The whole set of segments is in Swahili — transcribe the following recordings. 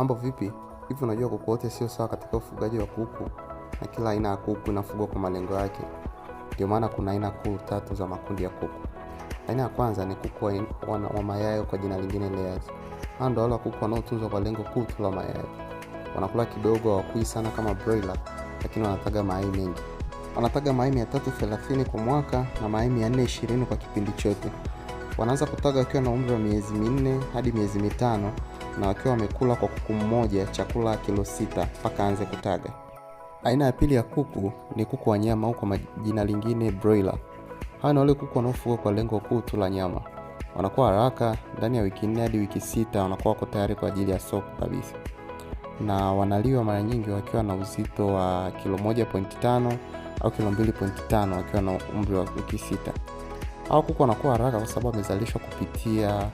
Mambo vipi? Hivi unajua kuku wote sio sawa katika ufugaji wa kuku, na kila aina ya kuku inafugwa kwa malengo yake. Ndio maana kuna aina kuu tatu za makundi ya kuku. Aina ya kwanza ni kuku wa, wa, wa mayayo kwa jina lingine layers. Hawa ndio wale kuku wanaotunzwa kwa lengo kuu tu la mayayo Wanakula kidogo, wakui sana kama broiler, lakini wanataga mayai mengi. Wanataga mayai mia tatu thelathini kwa mwaka na mayai mia nne ishirini kwa kipindi chote. Wanaanza kutaga wakiwa na umri wa miezi minne hadi miezi mitano na wakiwa wamekula kwa kuku mmoja chakula kilo sita mpaka aanze kutaga. Aina ya pili ya kuku ni kuku wa nyama au kwa jina lingine broiler. Hawa ni wale kuku wanaofuga kwa lengo kuu tu la nyama. Wanakuwa haraka, ndani ya wiki nne hadi wiki sita wanakuwa wako tayari kwa ajili ya soko kabisa, na wanaliwa mara nyingi wakiwa na uzito wa kilo 1.5 au kilo 2.5 wakiwa na umri wa wiki sita. au kuku wanakuwa haraka kwa sababu wamezalishwa kupitia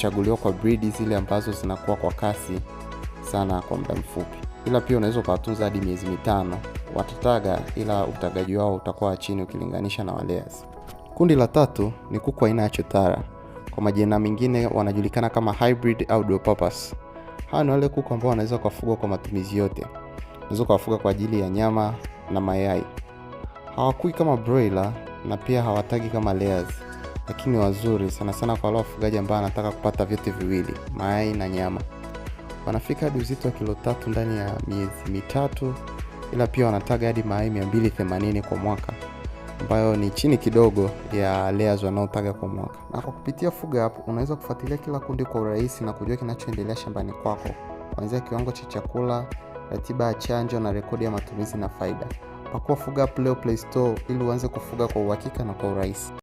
kuchaguliwa kwa bridi zile ambazo zinakuwa kwa kasi sana kwa muda mfupi, ila pia unaweza ukawatunza hadi miezi mitano watataga, ila utagaji wao utakuwa chini ukilinganisha na waleas. Kundi la tatu ni kuku aina ya chotara, kwa majina mengine wanajulikana kama hybrid au dopapas purpose. Hawa ni wale kuku ambao wanaweza kufugwa kwa matumizi yote. Unaweza kuwafuga kwa ajili ya nyama na mayai. Hawakui kama broiler na pia hawatagi kama layers lakini wazuri sana sana kwa wale wafugaji ambao anataka kupata vyote viwili, mayai na nyama. Wanafika hadi uzito wa kilo tatu ndani ya miezi mitatu, ila pia wanataga hadi mayai 280 kwa mwaka ambayo ni chini kidogo ya layers wanaotaga kwa mwaka. Na kwa kupitia Fuga hapo unaweza kufuatilia kila kundi kwa urahisi na kujua kinachoendelea shambani kwako, kuanzia kiwango cha chakula, ratiba ya chanjo na rekodi ya matumizi na faida. pakuwa Fuga leo Play Store ili uanze kufuga kwa uhakika na kwa urahisi.